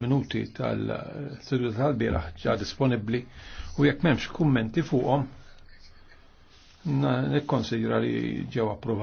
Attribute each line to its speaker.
Speaker 1: minuti tal sidu tal bira ġa disponibli u jekk memx kummenti fuqhom nekkonsidra li ġew approvati.